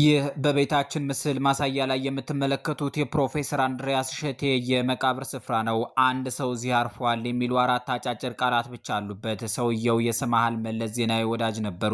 ይህ በቤታችን ምስል ማሳያ ላይ የምትመለከቱት የፕሮፌሰር አንድሪያስ እሸቴ የመቃብር ስፍራ ነው። አንድ ሰው እዚህ አርፏል የሚሉ አራት አጫጭር ቃላት ብቻ አሉበት። ሰውየው የሰማሃል መለስ ዜናዊ ወዳጅ ነበሩ።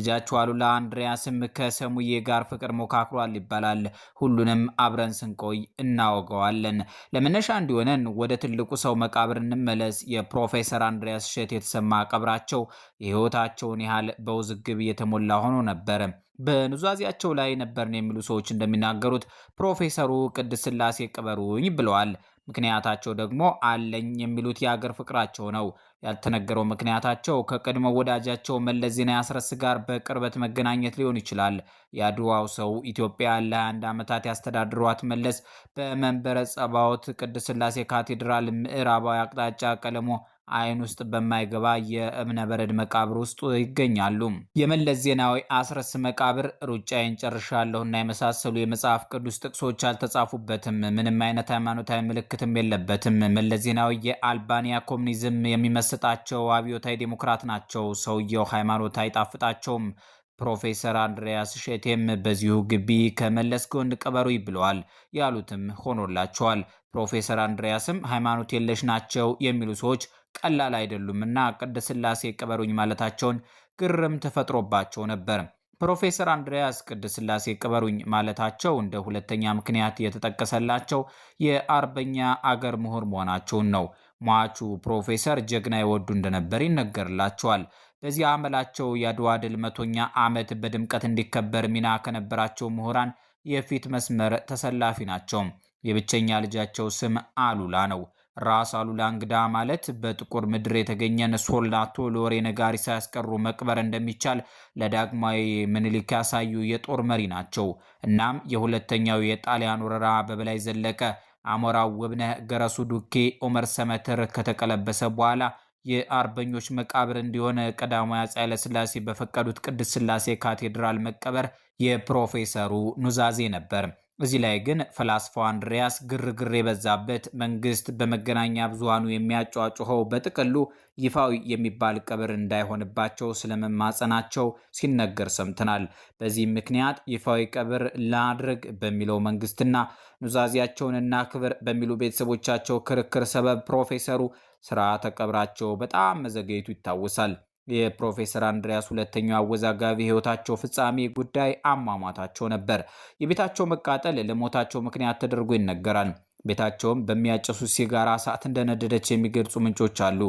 ልጃቸው አሉላ አንድሪያስም ከሰሙዬ ጋር ፍቅር ሞካክሯል ይባላል። ሁሉንም አብረን ስንቆይ እናወገዋለን። ለመነሻ እንዲሆነን ወደ ትልቁ ሰው መቃብር እንመለስ። የፕሮፌሰር አንድሪያስ ሸቴ የተሰማ ቀብራቸው የህይወታቸውን ያህል በውዝግብ የተሞላ ሆኖ ነበር። በኑዛዜያቸው ላይ ነበርን የሚሉ ሰዎች እንደሚናገሩት ፕሮፌሰሩ ቅድስት ስላሴ ቅበሩኝ ብለዋል። ምክንያታቸው ደግሞ አለኝ የሚሉት የአገር ፍቅራቸው ነው። ያልተነገረው ምክንያታቸው ከቀድሞ ወዳጃቸው መለስ ዜናዊ አስረስ ጋር በቅርበት መገናኘት ሊሆን ይችላል። የአድዋው ሰው ኢትዮጵያ ለ21 ዓመታት ያስተዳድሯት መለስ በመንበረ ጸባዖት ቅድስት ስላሴ ካቴድራል ምዕራባዊ አቅጣጫ ቀለሞ አይን ውስጥ በማይገባ የእብነ በረድ መቃብር ውስጥ ይገኛሉ። የመለስ ዜናዊ አስረስ መቃብር ሩጫዬን ጨርሻለሁና የመሳሰሉ የመጽሐፍ ቅዱስ ጥቅሶች አልተጻፉበትም። ምንም አይነት ሃይማኖታዊ ምልክትም የለበትም። መለስ ዜናዊ የአልባኒያ ኮሚኒዝም የሚመስጣቸው አብዮታዊ ዴሞክራት ናቸው። ሰውየው ሃይማኖት አይጣፍጣቸውም። ፕሮፌሰር አንድሪያስ ሼቴም በዚሁ ግቢ ከመለስ ጎን ቅበሩኝ ብለዋል። ያሉትም ሆኖላቸዋል። ፕሮፌሰር አንድሪያስም ሃይማኖት የለሽ ናቸው የሚሉ ሰዎች ቀላል አይደሉምና ቅድ ስላሴ ቅበሩኝ ማለታቸውን ግርም ተፈጥሮባቸው ነበር። ፕሮፌሰር አንድሪያስ ቅድ ስላሴ ቅበሩኝ ማለታቸው እንደ ሁለተኛ ምክንያት የተጠቀሰላቸው የአርበኛ አገር ምሁር መሆናቸውን ነው። ሟቹ ፕሮፌሰር ጀግና ይወዱ እንደነበር ይነገርላቸዋል። በዚህ አመላቸው የአድዋ ድል መቶኛ ዓመት በድምቀት እንዲከበር ሚና ከነበራቸው ምሁራን የፊት መስመር ተሰላፊ ናቸው። የብቸኛ ልጃቸው ስም አሉላ ነው። ራስ አሉላ እንግዳ ማለት በጥቁር ምድር የተገኘን ሶልዳቶ ለወሬ ነጋሪ ሳያስቀሩ መቅበር እንደሚቻል ለዳግማዊ ምኒልክ ያሳዩ የጦር መሪ ናቸው። እናም የሁለተኛው የጣሊያን ወረራ በበላይ ዘለቀ፣ አሞራው ውብነህ፣ ገረሱ ዱኬ፣ ኦመር ሰመተር ከተቀለበሰ በኋላ የአርበኞች መቃብር እንዲሆን ቀዳማዊ አፄ ኃይለሥላሴ በፈቀዱት ቅድስት ሥላሴ ካቴድራል መቀበር የፕሮፌሰሩ ኑዛዜ ነበር። እዚህ ላይ ግን ፈላስፋው አንድሪያስ ግርግር የበዛበት መንግስት በመገናኛ ብዙሃኑ የሚያጫጩኸው በጥቅሉ ይፋዊ የሚባል ቀብር እንዳይሆንባቸው ስለመማጸናቸው ሲነገር ሰምተናል። በዚህ ምክንያት ይፋዊ ቀብር ላድርግ በሚለው መንግስትና ኑዛዚያቸውንና ክብር በሚሉ ቤተሰቦቻቸው ክርክር ሰበብ ፕሮፌሰሩ ስርዓተ ቀብራቸው በጣም መዘግየቱ ይታወሳል። የፕሮፌሰር አንድሪያስ ሁለተኛው አወዛጋቢ ህይወታቸው ፍጻሜ ጉዳይ አሟሟታቸው ነበር። የቤታቸው መቃጠል ለሞታቸው ምክንያት ተደርጎ ይነገራል። ቤታቸውም በሚያጨሱ ሲጋራ እሳት እንደነደደች የሚገልጹ ምንጮች አሉ።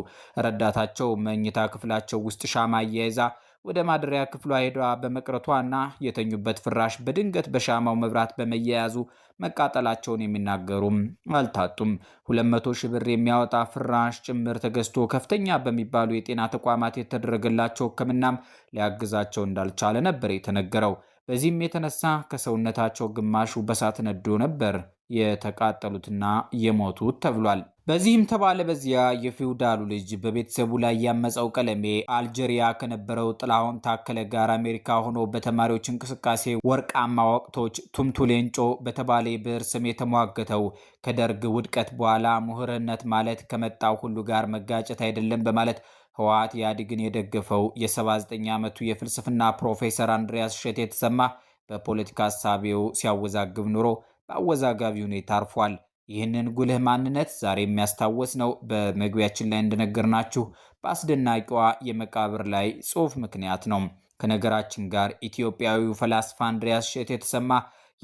ረዳታቸው መኝታ ክፍላቸው ውስጥ ሻማ አያይዛ ወደ ማደሪያ ክፍሏ ሄዳ በመቅረቷና የተኙበት ፍራሽ በድንገት በሻማው መብራት በመያያዙ መቃጠላቸውን የሚናገሩም አልታጡም። 200 ሺህ ብር የሚያወጣ ፍራሽ ጭምር ተገዝቶ ከፍተኛ በሚባሉ የጤና ተቋማት የተደረገላቸው ሕክምናም ሊያግዛቸው እንዳልቻለ ነበር የተነገረው። በዚህም የተነሳ ከሰውነታቸው ግማሹ በሳት ነዶ ነበር የተቃጠሉትና የሞቱት ተብሏል። በዚህም ተባለ በዚያ የፊውዳሉ ልጅ በቤተሰቡ ላይ ያመፀው ቀለሜ አልጀሪያ ከነበረው ጥላሁን ታከለ ጋር አሜሪካ ሆኖ በተማሪዎች እንቅስቃሴ ወርቃማ ወቅቶች ቱምቱ ሌንጮ በተባለ የብዕር ስም የተሟገተው ከደርግ ውድቀት በኋላ ምሁርነት ማለት ከመጣው ሁሉ ጋር መጋጨት አይደለም በማለት ህወሓት ኢህአዴግን የደገፈው የ79 ዓመቱ የፍልስፍና ፕሮፌሰር አንድሪያስ ሸት የተሰማ በፖለቲካ ሀሳቤው ሲያወዛግብ ኑሮ በአወዛጋቢ ሁኔታ አርፏል። ይህንን ጉልህ ማንነት ዛሬ የሚያስታውስ ነው። በመግቢያችን ላይ እንደነገርናችሁ በአስደናቂዋ የመቃብር ላይ ጽሑፍ ምክንያት ነው። ከነገራችን ጋር ኢትዮጵያዊው ፈላስፋ አንድሪያስ እሸቴ የተሰማ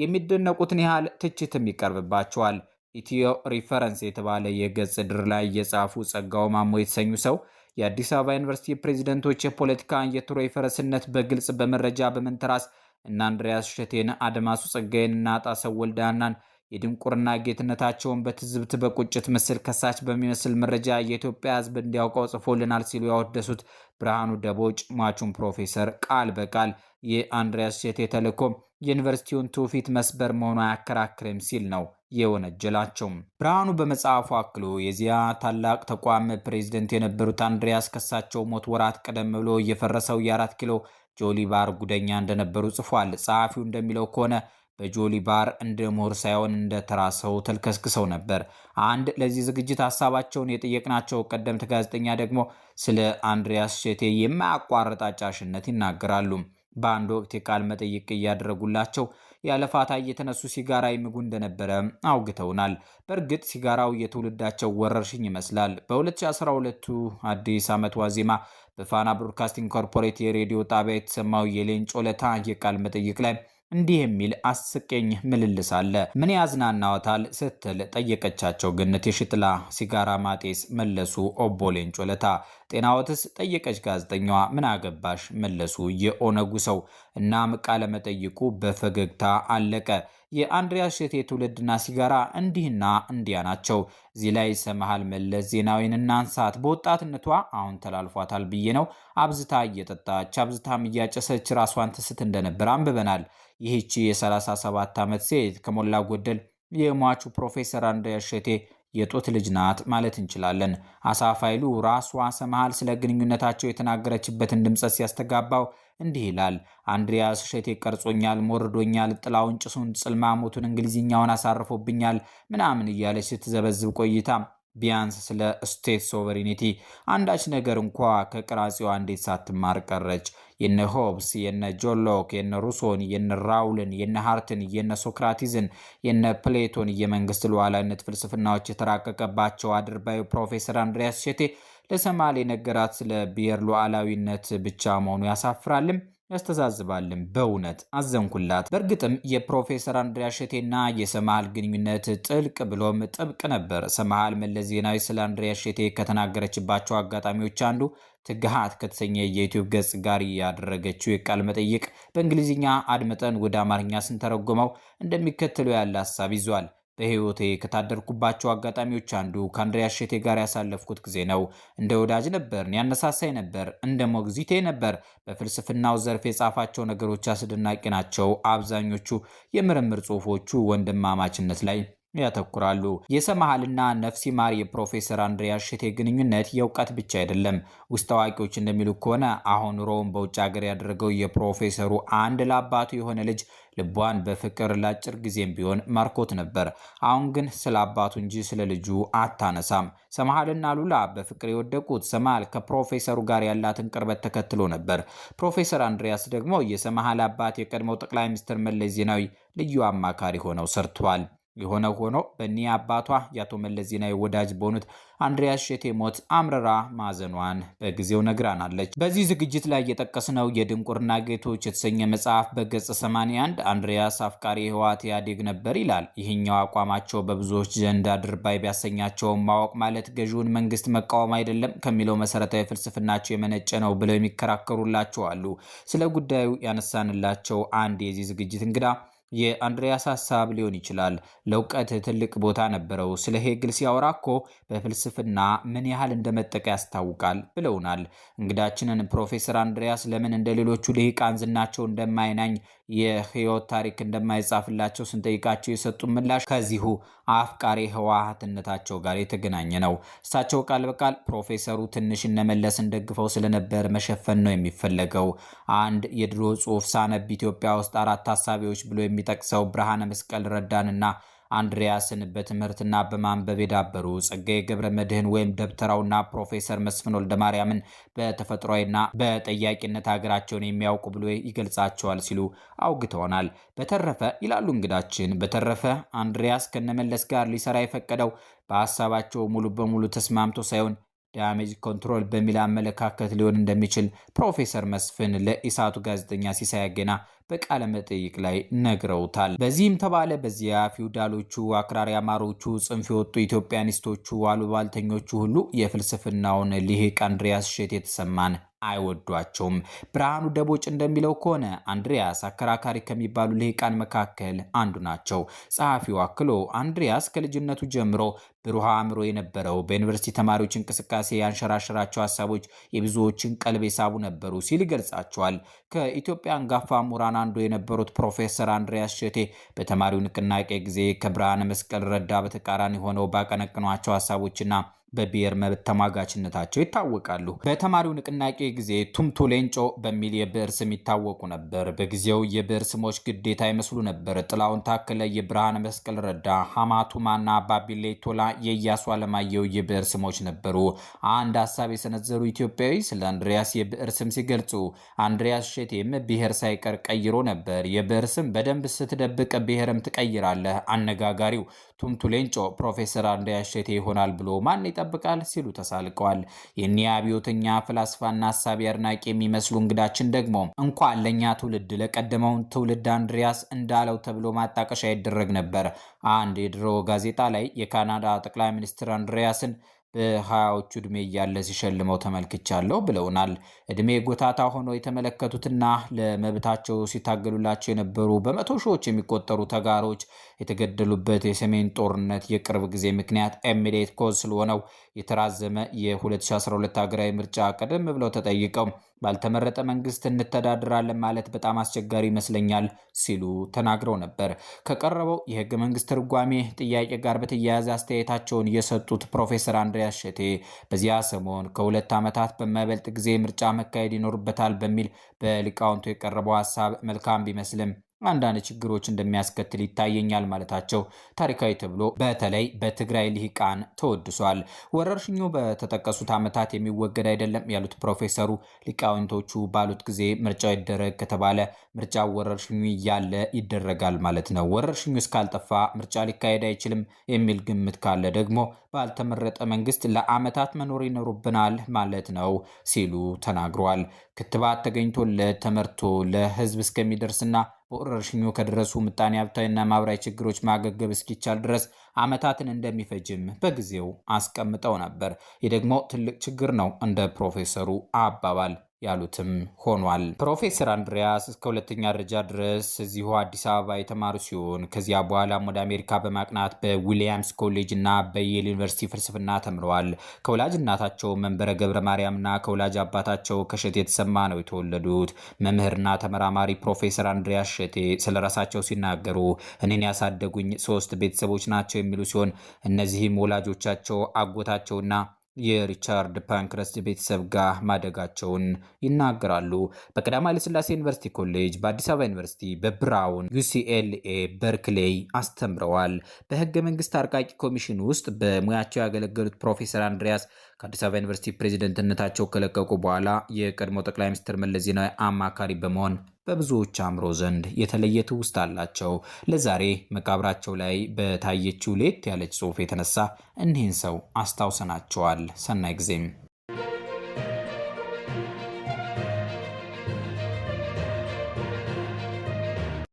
የሚደነቁትን ያህል ትችትም ይቀርብባቸዋል። ኢትዮ ሪፈረንስ የተባለ የገጽ ድር ላይ የጻፉ ጸጋው ማሞ የተሰኙ ሰው የአዲስ አበባ ዩኒቨርሲቲ ፕሬዚደንቶች የፖለቲካ ፈረስነት በግልጽ በመረጃ በመንተራስ እና አንድሪያስ አደማሱ አድማሱ እና ጣሰው ወልዳናን የድንቁርና ጌትነታቸውን በትዝብት በቁጭት ምስል ከሳች በሚመስል መረጃ የኢትዮጵያ ሕዝብ እንዲያውቀው ጽፎልናል ሲሉ ያወደሱት ብርሃኑ ደቦጭ ሟቹን ፕሮፌሰር ቃል በቃል የአንድሪያስ ሴት ተልዕኮ የዩኒቨርሲቲውን ትውፊት መስበር መሆኑ አያከራክርም ሲል ነው የወነጀላቸው። ብርሃኑ በመጽሐፉ አክሎ የዚያ ታላቅ ተቋም ፕሬዚደንት የነበሩት አንድሪያስ ከሳቸው ሞት ወራት ቀደም ብሎ እየፈረሰው የአራት ኪሎ ጆሊባር ጉደኛ እንደነበሩ ጽፏል። ጸሐፊው እንደሚለው ከሆነ በጆሊ ባር እንደ ምሁር ሳይሆን እንደ ተራ ሰው ተልከስክሰው ነበር። አንድ ለዚህ ዝግጅት ሀሳባቸውን የጠየቅናቸው ቀደምት ጋዜጠኛ ደግሞ ስለ አንድሪያስ ሼቴ የማያቋርጥ አጫሽነት ይናገራሉ። በአንድ ወቅት የቃል መጠይቅ እያደረጉላቸው ያለፋታ እየተነሱ ሲጋራ ይምጉ እንደነበረ አውግተውናል። በእርግጥ ሲጋራው የትውልዳቸው ወረርሽኝ ይመስላል። በ2012 አዲስ ዓመት ዋዜማ በፋና ብሮድካስቲንግ ኮርፖሬት የሬዲዮ ጣቢያ የተሰማው የሌንጮ ለታ የቃል መጠይቅ ላይ እንዲህ የሚል አስቀኝ ምልልስ አለ። ምን ያዝናናዎታል ስትል ጠየቀቻቸው ገነት የሽጥላ። ሲጋራ ማጤስ መለሱ ኦቦሌን ጮለታ ለታ። ጤናዎትስ ጠየቀች ጋዜጠኛዋ። ምን አገባሽ መለሱ የኦነጉ ሰው። እናም ቃለመጠይቁ በፈገግታ አለቀ። የአንድሪያስ እሸቴ ትውልድና ሲጋራ እንዲህና እንዲያ ናቸው። እዚህ ላይ ሰመሃል መለስ ዜናዊን እናንሳት። በወጣትነቷ አሁን ተላልፏታል ብዬ ነው አብዝታ እየጠጣች አብዝታም እያጨሰች ራሷን ትስት እንደነበር አንብበናል። ይህቺ የ37 ዓመት ሴት ከሞላ ጎደል የሟቹ ፕሮፌሰር አንድሪያስ እሸቴ የጡት ልጅ ናት ማለት እንችላለን። አሳፍ ኃይሉ ራሷ ሰመሃል ስለ ግንኙነታቸው የተናገረችበትን ድምፀ ሲያስተጋባው እንዲህ ይላል። አንድሪያስ እሸቴ ቀርጾኛል፣ ሞርዶኛል፣ ጥላውን፣ ጭሱን፣ ጽልማሞቱን፣ እንግሊዝኛውን አሳርፎብኛል ምናምን እያለች ስትዘበዝብ ቆይታ ቢያንስ ስለ ስቴት ሶቨሪኒቲ አንዳች ነገር እንኳ ከቅራጺዋ እንዴት ሳትማር ቀረች? የነ ሆብስ፣ የነ ጆሎክ፣ የነ ሩሶን፣ የነ ራውልን፣ የነ ሃርትን፣ የነ ሶክራቲዝን፣ የነ ፕሌቶን የመንግስት ሉዓላዊነት ፍልስፍናዎች የተራቀቀባቸው አድርባዩ ፕሮፌሰር አንድሪያስ እሸቴ ለሰማል የነገራት ስለ ብሔር ሉዓላዊነት ብቻ መሆኑ ያሳፍራልም? ያስተዛዝባልን። በእውነት አዘንኩላት። በእርግጥም የፕሮፌሰር አንድሪያ ሸቴና የሰመሃል ግንኙነት ጥልቅ ብሎም ጥብቅ ነበር። ሰመሃል መለስ ዜናዊ ስለ አንድሪያ ሸቴ ከተናገረችባቸው አጋጣሚዎች አንዱ ትግሃት ከተሰኘ የዩቲዩብ ገጽ ጋር ያደረገችው የቃል መጠይቅ በእንግሊዝኛ አድምጠን ወደ አማርኛ ስንተረጉመው እንደሚከተለው ያለ ሀሳብ ይዟል። በህይወቴ ከታደርኩባቸው አጋጣሚዎች አንዱ ከአንድሪያስ ሼቴ ጋር ያሳለፍኩት ጊዜ ነው። እንደ ወዳጅ ነበርን፣ ያነሳሳይ ነበር፣ እንደ ሞግዚቴ ነበር። በፍልስፍናው ዘርፍ የጻፋቸው ነገሮች አስደናቂ ናቸው። አብዛኞቹ የምርምር ጽሁፎቹ ወንድማማችነት ላይ ያተኩራሉ። የሰመሃልና ነፍሲ ማር የፕሮፌሰር አንድሪያስ እሸቴ ግንኙነት የእውቀት ብቻ አይደለም። ውስጥ አዋቂዎች እንደሚሉ ከሆነ አሁን ሮም በውጭ ሀገር ያደረገው የፕሮፌሰሩ አንድ ለአባቱ የሆነ ልጅ ልቧን በፍቅር ለአጭር ጊዜም ቢሆን ማርኮት ነበር። አሁን ግን ስለ አባቱ እንጂ ስለ ልጁ አታነሳም። ሰመሃልና ሉላ በፍቅር የወደቁት ሰመሃል ከፕሮፌሰሩ ጋር ያላትን ቅርበት ተከትሎ ነበር። ፕሮፌሰር አንድሪያስ ደግሞ የሰመሃል አባት የቀድሞው ጠቅላይ ሚኒስትር መለስ ዜናዊ ልዩ አማካሪ ሆነው ሰርተዋል። የሆነ ሆኖ በኒህ አባቷ የአቶ መለስ ዜናዊ ወዳጅ በሆኑት አንድሪያስ ሼቴ ሞት አምርራ ማዘኗን በጊዜው ነግራናለች። በዚህ ዝግጅት ላይ የጠቀስነው የድንቁርና ጌቶች የተሰኘ መጽሐፍ በገጽ 81 አንድሪያስ አፍቃሪ ህወሓት ኢህአዴግ ነበር ይላል። ይህኛው አቋማቸው በብዙዎች ዘንድ አድርባይ ቢያሰኛቸውን ማወቅ ማለት ገዢውን መንግስት መቃወም አይደለም ከሚለው መሰረታዊ ፍልስፍናቸው የመነጨ ነው ብለው የሚከራከሩላቸው አሉ። ስለ ጉዳዩ ያነሳንላቸው አንድ የዚህ ዝግጅት እንግዳ የአንድሪያስ ሀሳብ ሊሆን ይችላል። ለእውቀት ትልቅ ቦታ ነበረው። ስለ ሄግል ሲያወራ እኮ በፍልስፍና ምን ያህል እንደመጠቀ ያስታውቃል ብለውናል። እንግዳችንን ፕሮፌሰር አንድሪያስ ለምን እንደ ሌሎቹ ልሂቃን ዝናቸው እንደማይናኝ የህይወት ታሪክ እንደማይጻፍላቸው ስንጠይቃቸው የሰጡ ምላሽ ከዚሁ አፍቃሪ ህወሓትነታቸው ጋር የተገናኘ ነው። እሳቸው ቃል በቃል ፕሮፌሰሩ ትንሽ እነመለስን ደግፈው ስለነበር መሸፈን ነው የሚፈለገው። አንድ የድሮ ጽሑፍ ሳነብ ኢትዮጵያ ውስጥ አራት ታሳቢዎች ብሎ የሚጠቅሰው ብርሃነ መስቀል ረዳንና አንድሪያስን በትምህርትና በማንበብ የዳበሩ ጸጋዬ ገብረ መድህን ወይም ደብተራውና ፕሮፌሰር መስፍን ወልደማርያምን በተፈጥሯዊና በጠያቂነት ሀገራቸውን የሚያውቁ ብሎ ይገልጻቸዋል ሲሉ አውግተውናል። በተረፈ ይላሉ እንግዳችን፣ በተረፈ አንድሪያስ ከነመለስ ጋር ሊሰራ የፈቀደው በሀሳባቸው ሙሉ በሙሉ ተስማምቶ ሳይሆን ዳሜጅ ኮንትሮል በሚል አመለካከት ሊሆን እንደሚችል ፕሮፌሰር መስፍን ለኢሳቱ ጋዜጠኛ ሲሳይ አገና በቃለ መጠይቅ ላይ ነግረውታል። በዚህም ተባለ በዚያ ፊውዳሎቹ፣ አክራሪ አማሮቹ፣ ጽንፍ የወጡ ኢትዮጵያኒስቶቹ፣ አሉባልተኞቹ ሁሉ የፍልስፍናውን ሊሂቅ አንድሪያስ ሼት የተሰማን አይወዷቸውም። ብርሃኑ ደቦጭ እንደሚለው ከሆነ አንድሪያስ አከራካሪ ከሚባሉ ልሂቃን መካከል አንዱ ናቸው። ጸሐፊው አክሎ አንድሪያስ ከልጅነቱ ጀምሮ ብሩሃ አእምሮ የነበረው በዩኒቨርሲቲ ተማሪዎች እንቅስቃሴ ያንሸራሸራቸው ሀሳቦች የብዙዎችን ቀልብ የሳቡ ነበሩ ሲል ይገልጻቸዋል። ከኢትዮጵያ አንጋፋ ምሁራን አንዱ የነበሩት ፕሮፌሰር አንድሪያስ ሸቴ በተማሪው ንቅናቄ ጊዜ ከብርሃነ መስቀል ረዳ በተቃራኒ ሆነው ባቀነቅኗቸው ሀሳቦችና በብሔር መብት ተሟጋችነታቸው ይታወቃሉ። በተማሪው ንቅናቄ ጊዜ ቱምቱ ሌንጮ በሚል የብዕር ስም ይታወቁ ነበር። በጊዜው የብዕር ስሞች ግዴታ ይመስሉ ነበር። ጥላውን ታከለ፣ የብርሃነ መስቀል ረዳ፣ ሀማቱማና ባቢሌ ቶላ የእያሱ አለማየሁ የብዕር ስሞች ነበሩ። አንድ ሀሳብ የሰነዘሩ ኢትዮጵያዊ ስለ አንድሪያስ የብዕር ስም ሲገልጹ አንድሪያስ ሼቴም ብሔር ሳይቀር ቀይሮ ነበር። የብዕር ስም በደንብ ስትደብቅ ብሔርም ትቀይራለህ። አነጋጋሪው ቱምቱ ሌንጮ ፕሮፌሰር አንድሪያስ ሼቴ ይሆናል ብሎ ማን ይጠብቃል ሲሉ ተሳልቀዋል። የኒያ አብዮተኛ ፍላስፋና ሀሳቢ አድናቂ የሚመስሉ እንግዳችን ደግሞ እንኳን ለእኛ ትውልድ ለቀደመውን ትውልድ አንድሪያስ እንዳለው ተብሎ ማጣቀሻ ይደረግ ነበር። አንድ የድሮ ጋዜጣ ላይ የካናዳ ጠቅላይ ሚኒስትር አንድሪያስን በሀያዎቹ ዕድሜ እያለ ሲሸልመው ተመልክቻለሁ ብለውናል። ዕድሜ ጎታታ ሆኖ የተመለከቱትና ለመብታቸው ሲታገሉላቸው የነበሩ በመቶ ሺዎች የሚቆጠሩ ተጋሮች የተገደሉበት የሰሜን ጦርነት የቅርብ ጊዜ ምክንያት ኢሚዲየት ኮዝ ስለሆነው የተራዘመ የ2012 ሀገራዊ ምርጫ ቀደም ብለው ተጠይቀው ባልተመረጠ መንግስት እንተዳድራለን ማለት በጣም አስቸጋሪ ይመስለኛል ሲሉ ተናግረው ነበር። ከቀረበው የህገ መንግስት ትርጓሜ ጥያቄ ጋር በተያያዘ አስተያየታቸውን የሰጡት ፕሮፌሰር አንድሪያስ ሸቴ በዚያ ሰሞን ከሁለት ዓመታት በማይበልጥ ጊዜ ምርጫ መካሄድ ይኖርበታል በሚል በሊቃውንቱ የቀረበው ሀሳብ መልካም ቢመስልም አንዳንድ ችግሮች እንደሚያስከትል ይታየኛል ማለታቸው ታሪካዊ ተብሎ በተለይ በትግራይ ልሂቃን ተወድሷል። ወረርሽኙ በተጠቀሱት ዓመታት የሚወገድ አይደለም ያሉት ፕሮፌሰሩ ሊቃውንቶቹ ባሉት ጊዜ ምርጫው ይደረግ ከተባለ ምርጫ ወረርሽኙ እያለ ይደረጋል ማለት ነው። ወረርሽኙ እስካልጠፋ ምርጫ ሊካሄድ አይችልም የሚል ግምት ካለ ደግሞ ባልተመረጠ መንግስት ለዓመታት መኖር ይኖሩብናል ማለት ነው ሲሉ ተናግሯል። ክትባት ተገኝቶለት ተመርቶ ለህዝብ እስከሚደርስና ወረርሽኙ ከደረሱ ምጣኔ ሀብታዊና ማህበራዊ ችግሮች ማገገብ እስኪቻል ድረስ ዓመታትን እንደሚፈጅም በጊዜው አስቀምጠው ነበር። ይህ ደግሞ ትልቅ ችግር ነው እንደ ፕሮፌሰሩ አባባል ያሉትም ሆኗል። ፕሮፌሰር አንድሪያስ እስከ ሁለተኛ ደረጃ ድረስ እዚሁ አዲስ አበባ የተማሩ ሲሆን ከዚያ በኋላም ወደ አሜሪካ በማቅናት በዊሊያምስ ኮሌጅ እና በየል ዩኒቨርሲቲ ፍልስፍና ተምረዋል። ከወላጅ እናታቸው መንበረ ገብረ ማርያምና ከወላጅ አባታቸው ከሸቴ የተሰማ ነው የተወለዱት። መምህርና ተመራማሪ ፕሮፌሰር አንድሪያስ ሸቴ ስለ ራሳቸው ሲናገሩ እኔን ያሳደጉኝ ሶስት ቤተሰቦች ናቸው የሚሉ ሲሆን እነዚህም ወላጆቻቸው፣ አጎታቸውና የሪቻርድ ፓንክረስት ቤተሰብ ጋር ማደጋቸውን ይናገራሉ። በቀዳማዊ ኃይለሥላሴ ዩኒቨርሲቲ ኮሌጅ፣ በአዲስ አበባ ዩኒቨርሲቲ፣ በብራውን፣ ዩሲኤልኤ፣ በርክሌይ አስተምረዋል። በህገ መንግስት አርቃቂ ኮሚሽን ውስጥ በሙያቸው ያገለገሉት ፕሮፌሰር አንድሪያስ ከአዲስ አበባ ዩኒቨርሲቲ ፕሬዚደንትነታቸው ከለቀቁ በኋላ የቀድሞ ጠቅላይ ሚኒስትር መለስ ዜናዊ አማካሪ በመሆን በብዙዎች አእምሮ ዘንድ የተለየ ትውስታ አላቸው። ለዛሬ መቃብራቸው ላይ በታየችው ለየት ያለች ጽሑፍ የተነሳ እኒህን ሰው አስታውሰናቸዋል። ሰናይ ጊዜም